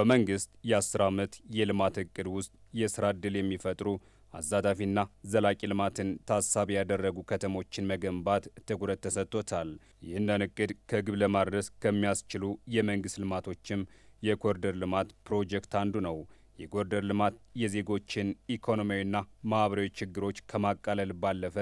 በመንግስት የአስር ዓመት የልማት እቅድ ውስጥ የስራ ዕድል የሚፈጥሩ አዛዳፊና ዘላቂ ልማትን ታሳቢ ያደረጉ ከተሞችን መገንባት ትኩረት ተሰጥቶታል። ይህንን እቅድ ከግብ ለማድረስ ከሚያስችሉ የመንግስት ልማቶችም የኮሪደር ልማት ፕሮጀክት አንዱ ነው። የኮሪደር ልማት የዜጎችን ኢኮኖሚያዊና ማኅበራዊ ችግሮች ከማቃለል ባለፈ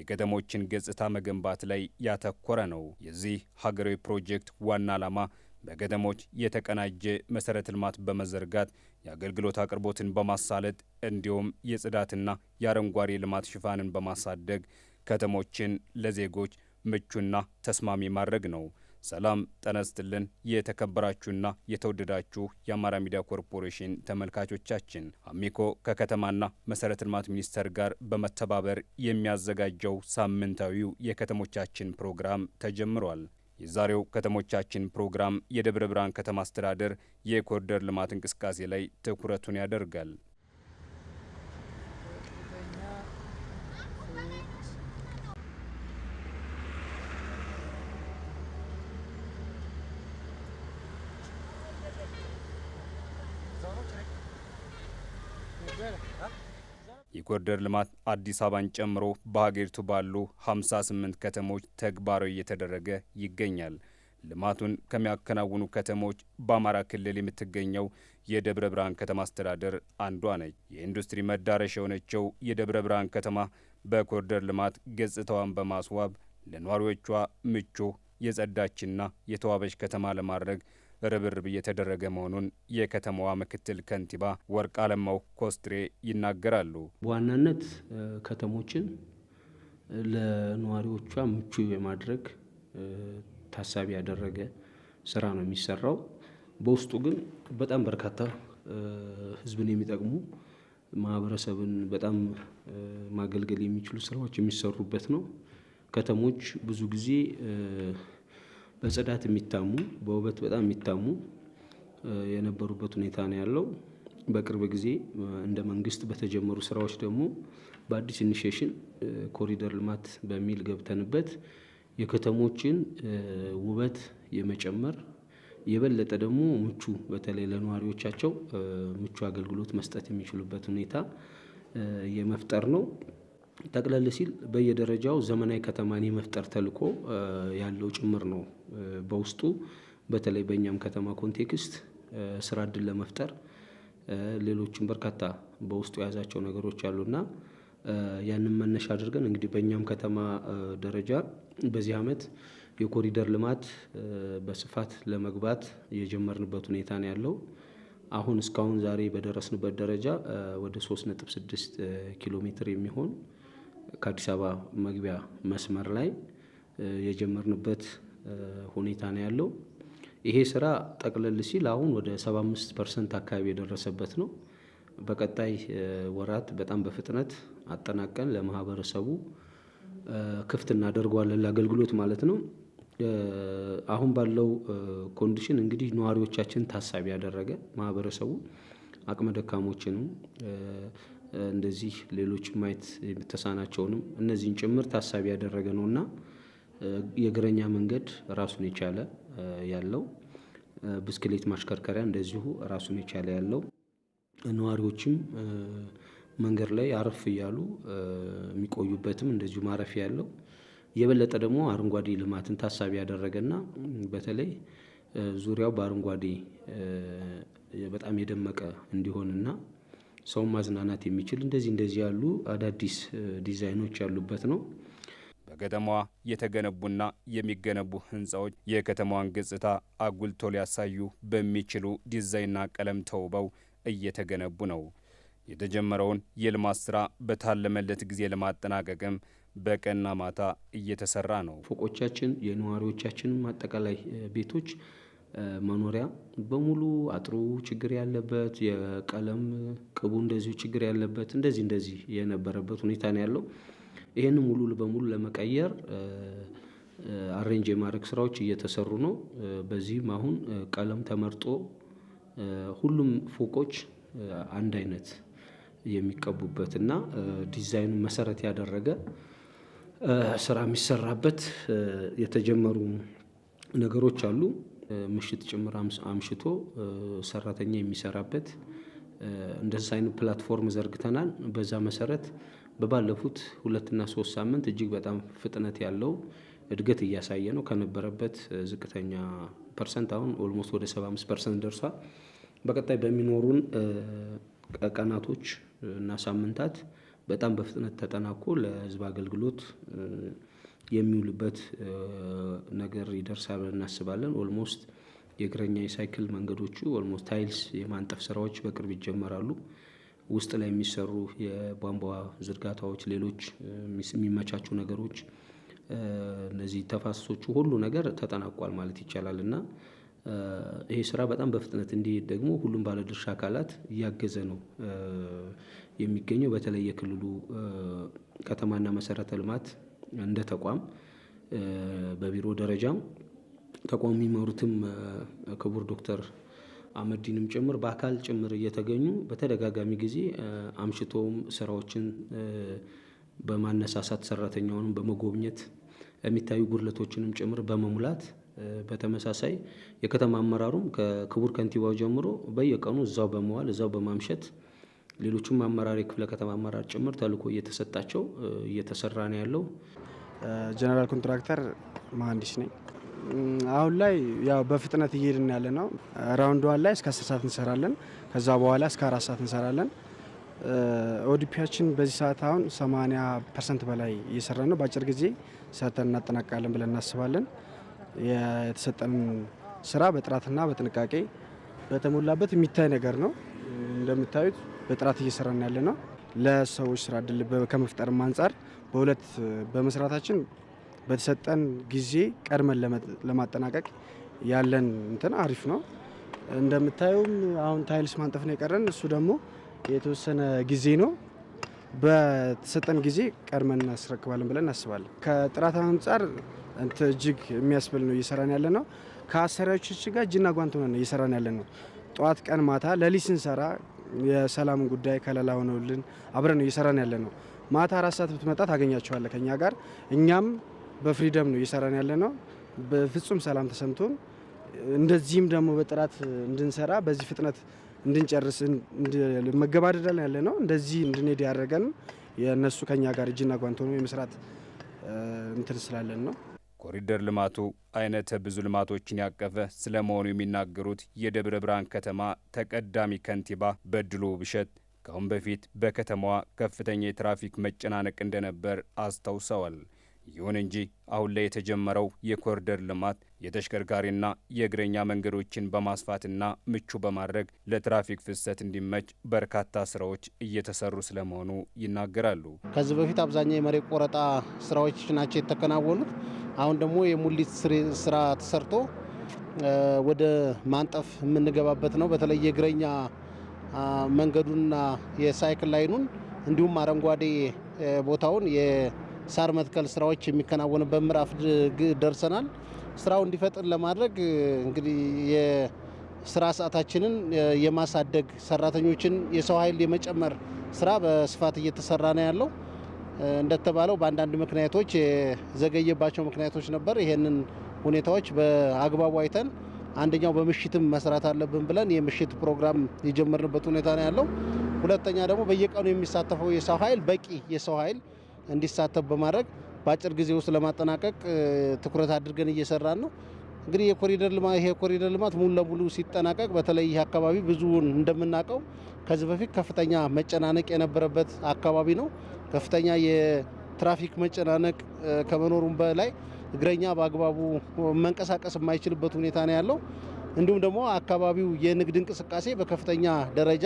የከተሞችን ገጽታ መገንባት ላይ ያተኮረ ነው። የዚህ ሀገራዊ ፕሮጀክት ዋና ዓላማ በከተሞች የተቀናጀ መሰረተ ልማት በመዘርጋት የአገልግሎት አቅርቦትን በማሳለጥ እንዲሁም የጽዳትና የአረንጓዴ ልማት ሽፋንን በማሳደግ ከተሞችን ለዜጎች ምቹና ተስማሚ ማድረግ ነው። ሰላም ጠነስትልን የተከበራችሁና የተወደዳችሁ የአማራ ሚዲያ ኮርፖሬሽን ተመልካቾቻችን፣ አሚኮ ከከተማና መሰረተ ልማት ሚኒስቴር ጋር በመተባበር የሚያዘጋጀው ሳምንታዊው የከተሞቻችን ፕሮግራም ተጀምሯል። የዛሬው ከተሞቻችን ፕሮግራም የደብረ ብርሃን ከተማ አስተዳደር የኮሪደር ልማት እንቅስቃሴ ላይ ትኩረቱን ያደርጋል። Yeah. የኮሪደር ልማት አዲስ አበባን ጨምሮ በሀገሪቱ ባሉ 58 ከተሞች ተግባራዊ እየተደረገ ይገኛል። ልማቱን ከሚያከናውኑ ከተሞች በአማራ ክልል የምትገኘው የደብረ ብርሃን ከተማ አስተዳደር አንዷ ነች። የኢንዱስትሪ መዳረሻ የሆነችው የደብረ ብርሃን ከተማ በኮሪደር ልማት ገጽታዋን በማስዋብ ለነዋሪዎቿ ምቹ የጸዳችና የተዋበች ከተማ ለማድረግ ርብርብ እየተደረገ መሆኑን የከተማዋ ምክትል ከንቲባ ወርቅ አለማው ኮስትሬ ይናገራሉ። በዋናነት ከተሞችን ለነዋሪዎቿ ምቹ የማድረግ ታሳቢ ያደረገ ስራ ነው የሚሰራው። በውስጡ ግን በጣም በርካታ ህዝብን የሚጠቅሙ ማህበረሰብን በጣም ማገልገል የሚችሉ ስራዎች የሚሰሩበት ነው። ከተሞች ብዙ ጊዜ በጽዳት የሚታሙ በውበት በጣም የሚታሙ የነበሩበት ሁኔታ ነው ያለው። በቅርብ ጊዜ እንደ መንግስት በተጀመሩ ስራዎች ደግሞ በአዲስ ኢኒሽሽን ኮሪደር ልማት በሚል ገብተንበት የከተሞችን ውበት የመጨመር የበለጠ ደግሞ ምቹ በተለይ ለነዋሪዎቻቸው ምቹ አገልግሎት መስጠት የሚችሉበት ሁኔታ የመፍጠር ነው። ጠቅለል ሲል በየደረጃው ዘመናዊ ከተማን የመፍጠር ተልዕኮ ያለው ጭምር ነው። በውስጡ በተለይ በእኛም ከተማ ኮንቴክስት ስራ እድል ለመፍጠር ሌሎችም በርካታ በውስጡ የያዛቸው ነገሮች አሉና ያንን መነሻ አድርገን እንግዲህ በእኛም ከተማ ደረጃ በዚህ ዓመት የኮሪደር ልማት በስፋት ለመግባት የጀመርንበት ሁኔታ ነው ያለው። አሁን እስካሁን ዛሬ በደረስንበት ደረጃ ወደ 3.6 ኪሎ ሜትር የሚሆን ከአዲስ አበባ መግቢያ መስመር ላይ የጀመርንበት ሁኔታ ነው ያለው። ይሄ ስራ ጠቅለል ሲል አሁን ወደ 75 ፐርሰንት አካባቢ የደረሰበት ነው። በቀጣይ ወራት በጣም በፍጥነት አጠናቀን ለማህበረሰቡ ክፍት እናደርገዋለን ለአገልግሎት ማለት ነው። አሁን ባለው ኮንዲሽን እንግዲህ ነዋሪዎቻችን ታሳቢ ያደረገ ማህበረሰቡ አቅመ ደካሞችንም እንደዚህ ሌሎች ማየት የምተሳናቸውንም እነዚህን ጭምር ታሳቢ ያደረገ ነው እና የእግረኛ መንገድ ራሱን የቻለ ያለው ብስክሌት ማሽከርከሪያ እንደዚሁ ራሱን የቻለ ያለው ነዋሪዎችም መንገድ ላይ አረፍ እያሉ የሚቆዩበትም እንደዚሁ ማረፊያ ያለው የበለጠ ደግሞ አረንጓዴ ልማትን ታሳቢ ያደረገና በተለይ ዙሪያው በአረንጓዴ በጣም የደመቀ እንዲሆንና ሰውን ማዝናናት የሚችል እንደዚህ እንደዚህ ያሉ አዳዲስ ዲዛይኖች ያሉበት ነው። በከተማዋ የተገነቡና የሚገነቡ ህንፃዎች የከተማዋን ገጽታ አጉልቶ ሊያሳዩ በሚችሉ ዲዛይንና ቀለም ተውበው እየተገነቡ ነው። የተጀመረውን የልማት ስራ በታለመለት ጊዜ ለማጠናቀቅም በቀንና ማታ እየተሰራ ነው። ፎቆቻችን የነዋሪዎቻችን አጠቃላይ ቤቶች መኖሪያ በሙሉ አጥሩ ችግር ያለበት የቀለም ቅቡ እንደዚሁ ችግር ያለበት እንደዚህ እንደዚህ የነበረበት ሁኔታ ነው ያለው። ይህን ሙሉ በሙሉ ለመቀየር አሬንጅ የማድረግ ስራዎች እየተሰሩ ነው። በዚህም አሁን ቀለም ተመርጦ ሁሉም ፎቆች አንድ አይነት የሚቀቡበት እና ዲዛይኑ መሰረት ያደረገ ስራ የሚሰራበት የተጀመሩ ነገሮች አሉ። ምሽት ጭምር አምሽቶ ሰራተኛ የሚሰራበት እንደዚህ አይነት ፕላትፎርም ዘርግተናል። በዛ መሰረት በባለፉት ሁለትና ሶስት ሳምንት እጅግ በጣም ፍጥነት ያለው እድገት እያሳየ ነው። ከነበረበት ዝቅተኛ ፐርሰንት አሁን ኦልሞስት ወደ 75 ፐርሰንት ደርሷል። በቀጣይ በሚኖሩን ቀናቶች እና ሳምንታት በጣም በፍጥነት ተጠናቆ ለህዝብ አገልግሎት የሚውልበት ነገር ይደርሳል ብለን እናስባለን። ኦልሞስት የእግረኛ የሳይክል መንገዶቹ ኦልሞስት ታይልስ የማንጠፍ ስራዎች በቅርብ ይጀመራሉ። ውስጥ ላይ የሚሰሩ የቧንቧ ዝርጋታዎች፣ ሌሎች የሚመቻቹ ነገሮች እነዚህ ተፋሰሶቹ ሁሉ ነገር ተጠናቋል ማለት ይቻላል እና ይሄ ስራ በጣም በፍጥነት እንዲሄድ ደግሞ ሁሉም ባለድርሻ አካላት እያገዘ ነው የሚገኘው። በተለይ የክልሉ ከተማና መሰረተ ልማት እንደ ተቋም በቢሮ ደረጃ ተቋም የሚመሩትም ክቡር ዶክተር አህመዲንም ጭምር በአካል ጭምር እየተገኙ በተደጋጋሚ ጊዜ አምሽቶውም ስራዎችን በማነሳሳት ሰራተኛውንም በመጎብኘት የሚታዩ ጉድለቶችንም ጭምር በመሙላት በተመሳሳይ የከተማ አመራሩም ከክቡር ከንቲባው ጀምሮ በየቀኑ እዛው በመዋል እዛው በማምሸት ሌሎቹም አመራር የክፍለ ከተማ አመራር ጭምር ተልእኮ እየተሰጣቸው እየተሰራ ነው ያለው። ጀነራል ኮንትራክተር መሀንዲስ ነኝ። አሁን ላይ ያው በፍጥነት እየሄድን ያለ ነው። ራውንድ ዋን ላይ እስከ አስር ሰዓት እንሰራለን። ከዛ በኋላ እስከ አራት ሰዓት እንሰራለን። ኦዲፒያችን በዚህ ሰዓት አሁን 80 ፐርሰንት በላይ እየሰራ ነው። በአጭር ጊዜ ሰርተን እናጠናቃለን ብለን እናስባለን። የተሰጠን ስራ በጥራትና በጥንቃቄ በተሞላበት የሚታይ ነገር ነው እንደምታዩት በጥራት እየሰራን ያለ ነው። ለሰዎች ስራ እድል ከመፍጠርም አንጻር በሁለት በመስራታችን በተሰጠን ጊዜ ቀድመን ለማጠናቀቅ ያለን እንትን አሪፍ ነው። እንደምታዩም አሁን ታይልስ ማንጠፍ ነው የቀረን። እሱ ደግሞ የተወሰነ ጊዜ ነው። በተሰጠን ጊዜ ቀድመን እናስረክባለን ብለን እናስባለን። ከጥራት አንጻር እጅግ የሚያስብል ነው እየሰራን ያለ ነው። ከአሰሪያዎቻችን ጋር እጅና ጓንት ሆነን እየሰራን ያለ ነው። ጠዋት፣ ቀን፣ ማታ፣ ሌሊት ስንሰራ የሰላም ጉዳይ ከለላ ሆነውልን አብረን እየሰራን ያለ ነው። ማታ አራት ሰዓት ብትመጣ ታገኛቸዋለ ከኛ ጋር። እኛም በፍሪደም ነው እየሰራን ያለ ነው፣ በፍጹም ሰላም ተሰምቶን እንደዚህም ደግሞ በጥራት እንድንሰራ በዚህ ፍጥነት እንድንጨርስ መገባደዳል ያለ ነው። እንደዚህ እንድንሄድ ያደረገን የእነሱ ከኛ ጋር እጅና ጓንት ሆኖ የመስራት እንትን ስላለን ነው። ኮሪደር ልማቱ አይነተ ብዙ ልማቶችን ያቀፈ ስለመሆኑ የሚናገሩት የደብረ ብርሃን ከተማ ተቀዳሚ ከንቲባ በድሉ ብሸት ከአሁን በፊት በከተማዋ ከፍተኛ የትራፊክ መጨናነቅ እንደነበር አስታውሰዋል። ይሁን እንጂ አሁን ላይ የተጀመረው የኮሪደር ልማት የተሽከርካሪና የእግረኛ መንገዶችን በማስፋትና ምቹ በማድረግ ለትራፊክ ፍሰት እንዲመች በርካታ ስራዎች እየተሰሩ ስለመሆኑ ይናገራሉ። ከዚህ በፊት አብዛኛው የመሬት ቆረጣ ስራዎች ናቸው የተከናወኑት። አሁን ደግሞ የሙሊት ስራ ተሰርቶ ወደ ማንጠፍ የምንገባበት ነው። በተለይ የእግረኛ መንገዱና የሳይክል ላይኑን እንዲሁም አረንጓዴ ቦታውን ሳር መትከል ስራዎች የሚከናወንበት ምዕራፍ ደርሰናል። ስራው እንዲፈጥን ለማድረግ እንግዲህ የስራ ሰዓታችንን የማሳደግ ሰራተኞችን የሰው ኃይል የመጨመር ስራ በስፋት እየተሰራ ነው ያለው። እንደተባለው በአንዳንድ ምክንያቶች የዘገየባቸው ምክንያቶች ነበር። ይሄንን ሁኔታዎች በአግባቡ አይተን አንደኛው በምሽትም መስራት አለብን ብለን የምሽት ፕሮግራም የጀመርንበት ሁኔታ ነው ያለው። ሁለተኛ ደግሞ በየቀኑ የሚሳተፈው የሰው ኃይል በቂ የሰው ኃይል እንዲሳተፍ በማድረግ በአጭር ጊዜ ውስጥ ለማጠናቀቅ ትኩረት አድርገን እየሰራን ነው። እንግዲህ የኮሪደር ልማት ይሄ የኮሪደር ልማት ሙሉ ለሙሉ ሲጠናቀቅ በተለይ ይህ አካባቢ ብዙውን እንደምናውቀው ከዚህ በፊት ከፍተኛ መጨናነቅ የነበረበት አካባቢ ነው። ከፍተኛ የትራፊክ መጨናነቅ ከመኖሩም በላይ እግረኛ በአግባቡ መንቀሳቀስ የማይችልበት ሁኔታ ነው ያለው። እንዲሁም ደግሞ አካባቢው የንግድ እንቅስቃሴ በከፍተኛ ደረጃ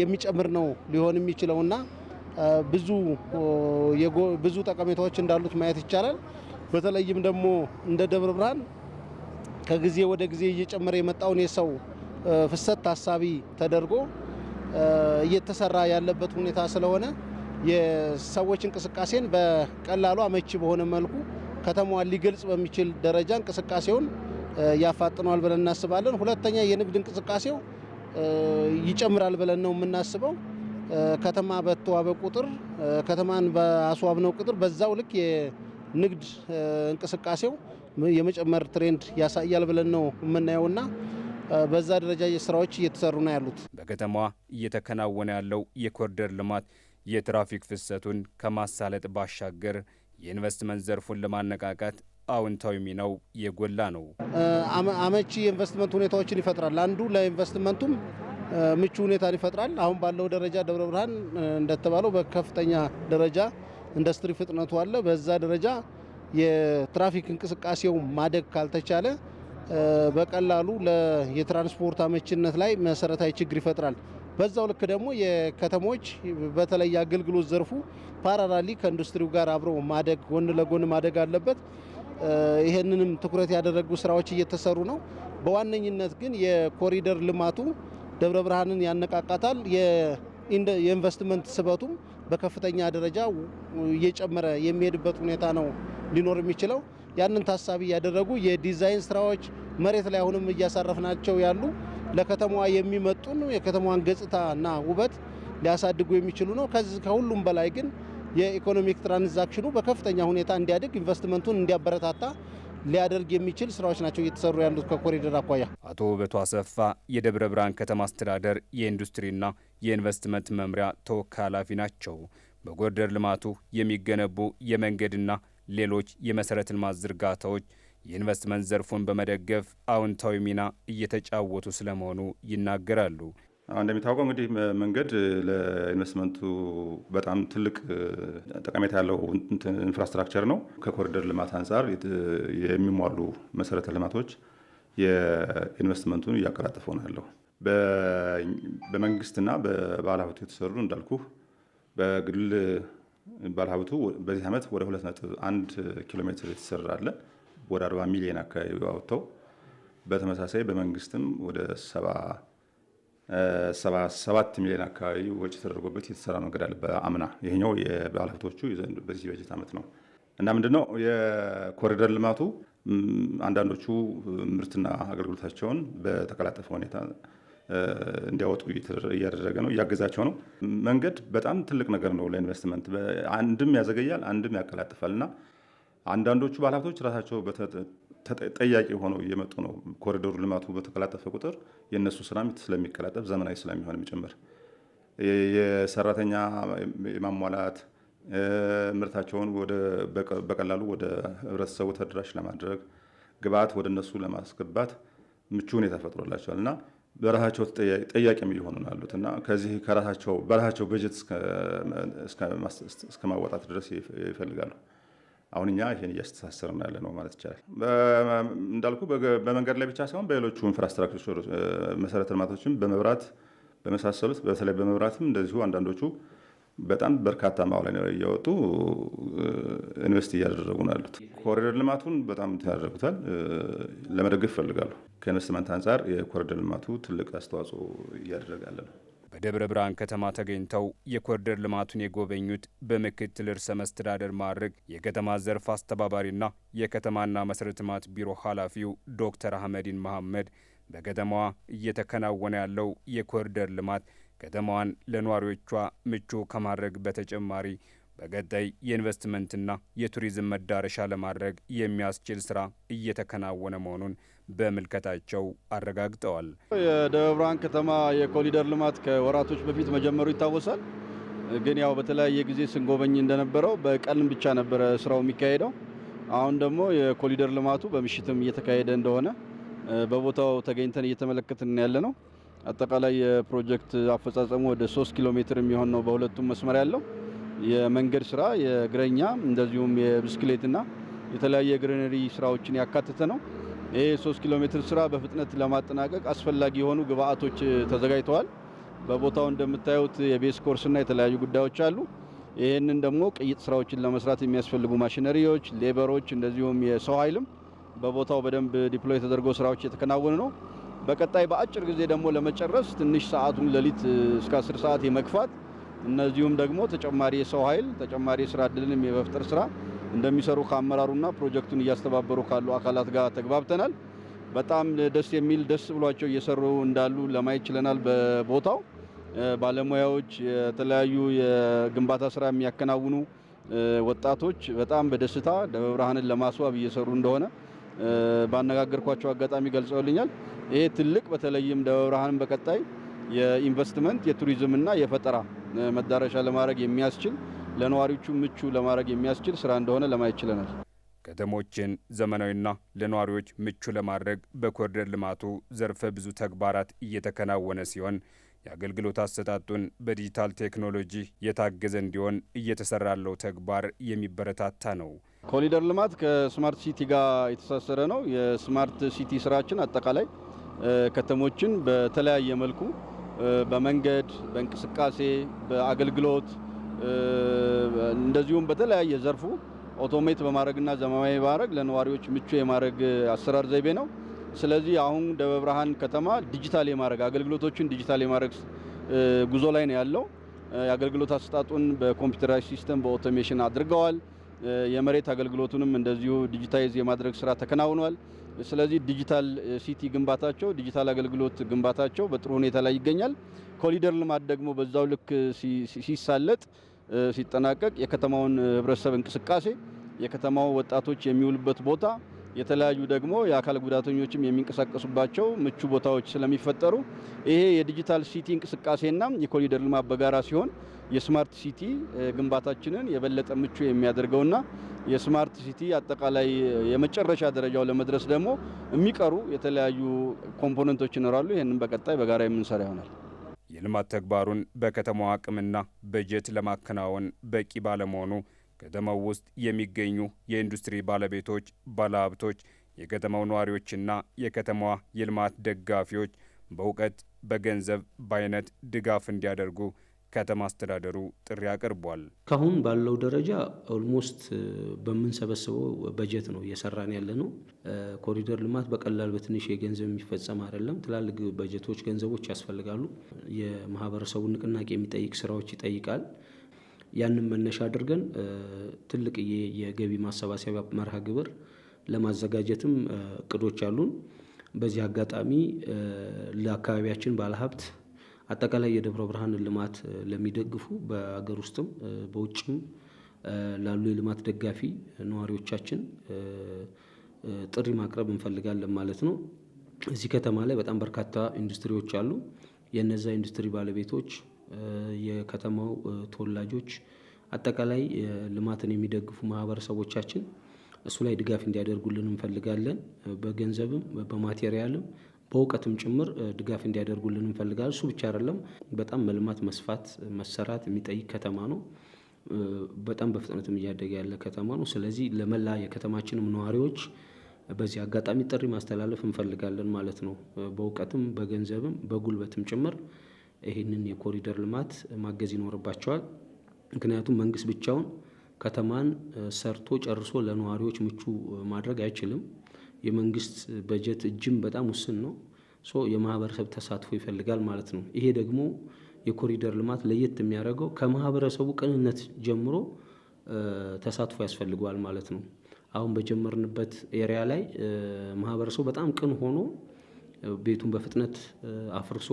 የሚጨምር ነው ሊሆን የሚችለውና ብዙ ብዙ ጠቀሜታዎች እንዳሉት ማየት ይቻላል። በተለይም ደግሞ እንደ ደብረ ብርሃን ከጊዜ ወደ ጊዜ እየጨመረ የመጣውን የሰው ፍሰት ታሳቢ ተደርጎ እየተሰራ ያለበት ሁኔታ ስለሆነ የሰዎች እንቅስቃሴን በቀላሉ አመቺ በሆነ መልኩ ከተማዋን ሊገልጽ በሚችል ደረጃ እንቅስቃሴውን ያፋጥነዋል ብለን እናስባለን። ሁለተኛ የንግድ እንቅስቃሴው ይጨምራል ብለን ነው የምናስበው። ከተማ በተዋበ ቁጥር ከተማን በአስዋብነው ቁጥር በዛው ልክ የንግድ እንቅስቃሴው የመጨመር ትሬንድ ያሳያል ብለን ነው የምናየውና በዛ ደረጃ ስራዎች እየተሰሩ ነው ያሉት። በከተማዋ እየተከናወነ ያለው የኮሪደር ልማት የትራፊክ ፍሰቱን ከማሳለጥ ባሻገር የኢንቨስትመንት ዘርፉን ለማነቃቃት አዎንታዊ ሚናው የጎላ ነው። አመቺ የኢንቨስትመንት ሁኔታዎችን ይፈጥራል። አንዱ ለኢንቨስትመንቱም ምቹ ሁኔታን ይፈጥራል። አሁን ባለው ደረጃ ደብረ ብርሃን እንደተባለው በከፍተኛ ደረጃ ኢንዱስትሪ ፍጥነቱ አለ። በዛ ደረጃ የትራፊክ እንቅስቃሴው ማደግ ካልተቻለ በቀላሉ የትራንስፖርት አመችነት ላይ መሰረታዊ ችግር ይፈጥራል። በዛው ልክ ደግሞ የከተሞች በተለይ አገልግሎት ዘርፉ ፓራራሊ ከኢንዱስትሪው ጋር አብሮ ማደግ ጎን ለጎን ማደግ አለበት። ይሄንንም ትኩረት ያደረጉ ስራዎች እየተሰሩ ነው። በዋነኝነት ግን የኮሪደር ልማቱ ደብረ ብርሃንን ያነቃቃታል። የኢንቨስትመንት ስበቱም በከፍተኛ ደረጃ እየጨመረ የሚሄድበት ሁኔታ ነው ሊኖር የሚችለው። ያንን ታሳቢ ያደረጉ የዲዛይን ስራዎች መሬት ላይ አሁንም እያሳረፍናቸው ያሉ ለከተማዋ የሚመጡን የከተማዋን ገጽታ እና ውበት ሊያሳድጉ የሚችሉ ነው። ከሁሉም በላይ ግን የኢኮኖሚክ ትራንዛክሽኑ በከፍተኛ ሁኔታ እንዲያድግ ኢንቨስትመንቱን እንዲያበረታታ ሊያደርግ የሚችል ስራዎች ናቸው እየተሰሩ ያሉት ከኮሪደር አኳያ። አቶ ውበቱ አሰፋ የደብረ ብርሃን ከተማ አስተዳደር የኢንዱስትሪና የኢንቨስትመንት መምሪያ ተወካይ ኃላፊ ናቸው። በጎርደር ልማቱ የሚገነቡ የመንገድና ሌሎች የመሰረተ ልማት ዝርጋታዎች የኢንቨስትመንት ዘርፉን በመደገፍ አዎንታዊ ሚና እየተጫወቱ ስለመሆኑ ይናገራሉ። እንደሚታወቀው እንግዲህ መንገድ ለኢንቨስትመንቱ በጣም ትልቅ ጠቀሜታ ያለው ኢንፍራስትራክቸር ነው። ከኮሪደር ልማት አንጻር የሚሟሉ መሰረተ ልማቶች የኢንቨስትመንቱን እያቀላጠፈው ነው ያለው። በመንግስትና በባለሀብቱ የተሰሩ እንዳልኩ በግል ባለሀብቱ በዚህ ዓመት ወደ 2.1 ኪሎ ሜትር የተሰራ አለ ወደ 40 ሚሊዮን አካባቢ አውጥተው በተመሳሳይ በመንግስትም ወደ ሰባ ሰባት ሚሊዮን አካባቢ ወጪ ተደርጎበት የተሰራ መንገድ አለ በአምና። ይህኛው የባለሀብቶቹ በዚህ በጀት ዓመት ነው እና ምንድነው የኮሪደር ልማቱ አንዳንዶቹ ምርትና አገልግሎታቸውን በተቀላጠፈ ሁኔታ እንዲያወጡ እያደረገ ነው፣ እያገዛቸው ነው። መንገድ በጣም ትልቅ ነገር ነው ለኢንቨስትመንት። አንድም ያዘገያል፣ አንድም ያቀላጥፋል እና አንዳንዶቹ ባለሀብቶች ራሳቸው ተጠያቂ ሆነው እየመጡ ነው። ኮሪደሩ ልማቱ በተቀላጠፈ ቁጥር የእነሱ ስራም ስለሚቀላጠፍ ዘመናዊ ስለሚሆን ጭምር የሰራተኛ የማሟላት ምርታቸውን በቀላሉ ወደ ህብረተሰቡ ተደራሽ ለማድረግ ግብአት ወደ እነሱ ለማስገባት ምቹ ሁኔታ ፈጥሮላቸዋል እና በራሳቸው ጠያቂ እየሆኑ ነው ያሉት እና ከዚህ ከራሳቸው በራሳቸው በጀት እስከ ድረስ ይፈልጋሉ። አሁን እኛ ይህን እያስተሳሰርን ያለ ነው ማለት ይቻላል። እንዳልኩ በመንገድ ላይ ብቻ ሳይሆን በሌሎቹ ኢንፍራስትራክቸር መሰረተ ልማቶችም በመብራት በመሳሰሉት በተለይ በመብራትም እንደዚሁ አንዳንዶቹ በጣም በርካታ ማዋለ እያወጡ ኢንቨስት እያደረጉ ነው ያሉት። ኮሪደር ልማቱን በጣም ያደረጉታል፣ ለመደገፍ ይፈልጋሉ። ከኢንቨስትመንት አንጻር የኮሪደር ልማቱ ትልቅ አስተዋጽኦ እያደረጋለ ነው። በደብረ ብርሃን ከተማ ተገኝተው የኮሪደር ልማቱን የጎበኙት በምክትል ርዕሰ መስተዳደር ማዕረግ የከተማ ዘርፍ አስተባባሪና የከተማና መሰረተ ልማት ቢሮ ኃላፊው ዶክተር አህመዲን መሐመድ በከተማዋ እየተከናወነ ያለው የኮሪደር ልማት ከተማዋን ለነዋሪዎቿ ምቹ ከማድረግ በተጨማሪ በቀጣይ የኢንቨስትመንትና የቱሪዝም መዳረሻ ለማድረግ የሚያስችል ስራ እየተከናወነ መሆኑን በምልከታቸው አረጋግጠዋል። የደብረ ብርሃን ከተማ የኮሊደር ልማት ከወራቶች በፊት መጀመሩ ይታወሳል። ግን ያው በተለያየ ጊዜ ስንጎበኝ እንደነበረው በቀን ብቻ ነበረ ስራው የሚካሄደው። አሁን ደግሞ የኮሊደር ልማቱ በምሽትም እየተካሄደ እንደሆነ በቦታው ተገኝተን እየተመለከትን ያለ ነው። አጠቃላይ የፕሮጀክት አፈጻጸሙ ወደ ሶስት ኪሎ ሜትር የሚሆን ነው በሁለቱም መስመር ያለው የመንገድ ስራ፣ የእግረኛ እንደዚሁም የብስክሌትና የተለያየ የግሪነሪ ስራዎችን ያካተተ ነው። ይህ ሶስት ኪሎ ሜትር ስራ በፍጥነት ለማጠናቀቅ አስፈላጊ የሆኑ ግብአቶች ተዘጋጅተዋል። በቦታው እንደምታዩት የቤስ ኮርስና የተለያዩ ጉዳዮች አሉ። ይህንን ደግሞ ቅይጥ ስራዎችን ለመስራት የሚያስፈልጉ ማሽነሪዎች፣ ሌበሮች እንደዚሁም የሰው ኃይልም በቦታው በደንብ ዲፕሎይ ተደርጎ ስራዎች የተከናወኑ ነው። በቀጣይ በአጭር ጊዜ ደግሞ ለመጨረስ ትንሽ ሰዓቱን ሌሊት እስከ አስር ሰዓት የመግፋት እነዚሁም ደግሞ ተጨማሪ የሰው ኃይል ተጨማሪ የስራ እድልንም የመፍጠር ስራ እንደሚሰሩ ከአመራሩና ፕሮጀክቱን እያስተባበሩ ካሉ አካላት ጋር ተግባብተናል። በጣም ደስ የሚል ደስ ብሏቸው እየሰሩ እንዳሉ ለማየት ችለናል። በቦታው ባለሙያዎች፣ የተለያዩ የግንባታ ስራ የሚያከናውኑ ወጣቶች በጣም በደስታ ደብረ ብርሃንን ለማስዋብ እየሰሩ እንደሆነ ባነጋገርኳቸው አጋጣሚ ገልጸውልኛል። ይሄ ትልቅ በተለይም ደብረ ብርሃንን በቀጣይ የኢንቨስትመንት የቱሪዝምና የፈጠራ መዳረሻ ለማድረግ የሚያስችል ለነዋሪዎቹ ምቹ ለማድረግ የሚያስችል ስራ እንደሆነ ለማየት ችለናል። ከተሞችን ዘመናዊና ለነዋሪዎች ምቹ ለማድረግ በኮሪደር ልማቱ ዘርፈ ብዙ ተግባራት እየተከናወነ ሲሆን የአገልግሎት አሰጣጡን በዲጂታል ቴክኖሎጂ የታገዘ እንዲሆን እየተሰራለው ተግባር የሚበረታታ ነው። ኮሪደር ልማት ከስማርት ሲቲ ጋር የተሳሰረ ነው። የስማርት ሲቲ ስራችን አጠቃላይ ከተሞችን በተለያየ መልኩ በመንገድ፣ በእንቅስቃሴ፣ በአገልግሎት እንደዚሁም በተለያየ ዘርፉ ኦቶሜት በማድረግና ዘመናዊ በማድረግ ለነዋሪዎች ምቹ የማድረግ አሰራር ዘይቤ ነው። ስለዚህ አሁን ደብረ ብርሃን ከተማ ዲጂታል የማድረግ አገልግሎቶችን ዲጂታል የማድረግ ጉዞ ላይ ነው ያለው። የአገልግሎት አሰጣጡን በኮምፒውተራዊ ሲስተም በኦቶሜሽን አድርገዋል። የመሬት አገልግሎቱንም እንደዚሁ ዲጂታይዝ የማድረግ ስራ ተከናውኗል። ስለዚህ ዲጂታል ሲቲ ግንባታቸው ዲጂታል አገልግሎት ግንባታቸው በጥሩ ሁኔታ ላይ ይገኛል። ኮሊደር ልማት ደግሞ በዛው ልክ ሲሳለጥ ሲጠናቀቅ የከተማውን ህብረተሰብ እንቅስቃሴ፣ የከተማው ወጣቶች የሚውሉበት ቦታ፣ የተለያዩ ደግሞ የአካል ጉዳተኞችም የሚንቀሳቀሱባቸው ምቹ ቦታዎች ስለሚፈጠሩ ይሄ የዲጂታል ሲቲ እንቅስቃሴና የኮሊደር ልማት በጋራ ሲሆን የስማርት ሲቲ ግንባታችንን የበለጠ ምቹ የሚያደርገውና የስማርት ሲቲ አጠቃላይ የመጨረሻ ደረጃው ለመድረስ ደግሞ የሚቀሩ የተለያዩ ኮምፖነንቶች ይኖራሉ። ይህንን በቀጣይ በጋራ የምንሰራ ይሆናል። የልማት ተግባሩን በከተማው አቅምና በጀት ለማከናወን በቂ ባለመሆኑ ከተማው ውስጥ የሚገኙ የኢንዱስትሪ ባለቤቶች፣ ባለሀብቶች፣ የከተማው ነዋሪዎችና የከተማዋ የልማት ደጋፊዎች በእውቀት፣ በገንዘብ፣ በአይነት ድጋፍ እንዲያደርጉ ከተማ አስተዳደሩ ጥሪ አቅርቧል። ካሁን ባለው ደረጃ ኦልሞስት በምንሰበስበው በጀት ነው እየሰራን ያለ ነው። ኮሪደር ልማት በቀላል በትንሽ የገንዘብ የሚፈጸም አይደለም። ትላልቅ በጀቶች፣ ገንዘቦች ያስፈልጋሉ። የማህበረሰቡን ንቅናቄ የሚጠይቅ ስራዎች ይጠይቃል። ያንን መነሻ አድርገን ትልቅዬ የገቢ ማሰባሰቢያ መርሃ ግብር ለማዘጋጀትም እቅዶች አሉን። በዚህ አጋጣሚ ለአካባቢያችን ባለሀብት አጠቃላይ የደብረ ብርሃንን ልማት ለሚደግፉ በአገር ውስጥም በውጭም ላሉ የልማት ደጋፊ ነዋሪዎቻችን ጥሪ ማቅረብ እንፈልጋለን ማለት ነው። እዚህ ከተማ ላይ በጣም በርካታ ኢንዱስትሪዎች አሉ። የእነዛ ኢንዱስትሪ ባለቤቶች፣ የከተማው ተወላጆች፣ አጠቃላይ ልማትን የሚደግፉ ማህበረሰቦቻችን እሱ ላይ ድጋፍ እንዲያደርጉልን እንፈልጋለን። በገንዘብም በማቴሪያልም በእውቀትም ጭምር ድጋፍ እንዲያደርጉልን እንፈልጋለን። እሱ ብቻ አይደለም፣ በጣም መልማት፣ መስፋት፣ መሰራት የሚጠይቅ ከተማ ነው። በጣም በፍጥነትም እያደገ ያለ ከተማ ነው። ስለዚህ ለመላ የከተማችንም ነዋሪዎች በዚህ አጋጣሚ ጥሪ ማስተላለፍ እንፈልጋለን ማለት ነው። በእውቀትም በገንዘብም በጉልበትም ጭምር ይህንን የኮሪደር ልማት ማገዝ ይኖርባቸዋል። ምክንያቱም መንግስት ብቻውን ከተማን ሰርቶ ጨርሶ ለነዋሪዎች ምቹ ማድረግ አይችልም። የመንግስት በጀት እጅም በጣም ውስን ነው። ሶ የማህበረሰብ ተሳትፎ ይፈልጋል ማለት ነው። ይሄ ደግሞ የኮሪደር ልማት ለየት የሚያደርገው ከማህበረሰቡ ቅንነት ጀምሮ ተሳትፎ ያስፈልገዋል ማለት ነው። አሁን በጀመርንበት ኤሪያ ላይ ማህበረሰቡ በጣም ቅን ሆኖ ቤቱን በፍጥነት አፍርሶ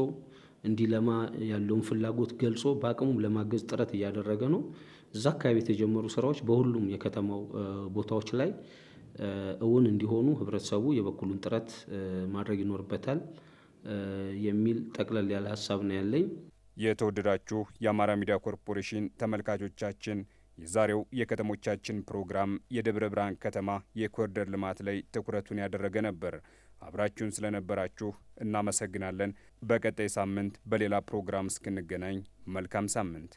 እንዲለማ ያለውን ፍላጎት ገልጾ በአቅሙም ለማገዝ ጥረት እያደረገ ነው። እዛ አካባቢ የተጀመሩ ስራዎች በሁሉም የከተማው ቦታዎች ላይ እውን እንዲሆኑ ህብረተሰቡ የበኩሉን ጥረት ማድረግ ይኖርበታል የሚል ጠቅለል ያለ ሀሳብ ነው ያለኝ። የተወደዳችሁ የአማራ ሚዲያ ኮርፖሬሽን ተመልካቾቻችን የዛሬው የከተሞቻችን ፕሮግራም የደብረ ብርሃን ከተማ የኮሪደር ልማት ላይ ትኩረቱን ያደረገ ነበር። አብራችሁን ስለነበራችሁ እናመሰግናለን። በቀጣይ ሳምንት በሌላ ፕሮግራም እስክንገናኝ መልካም ሳምንት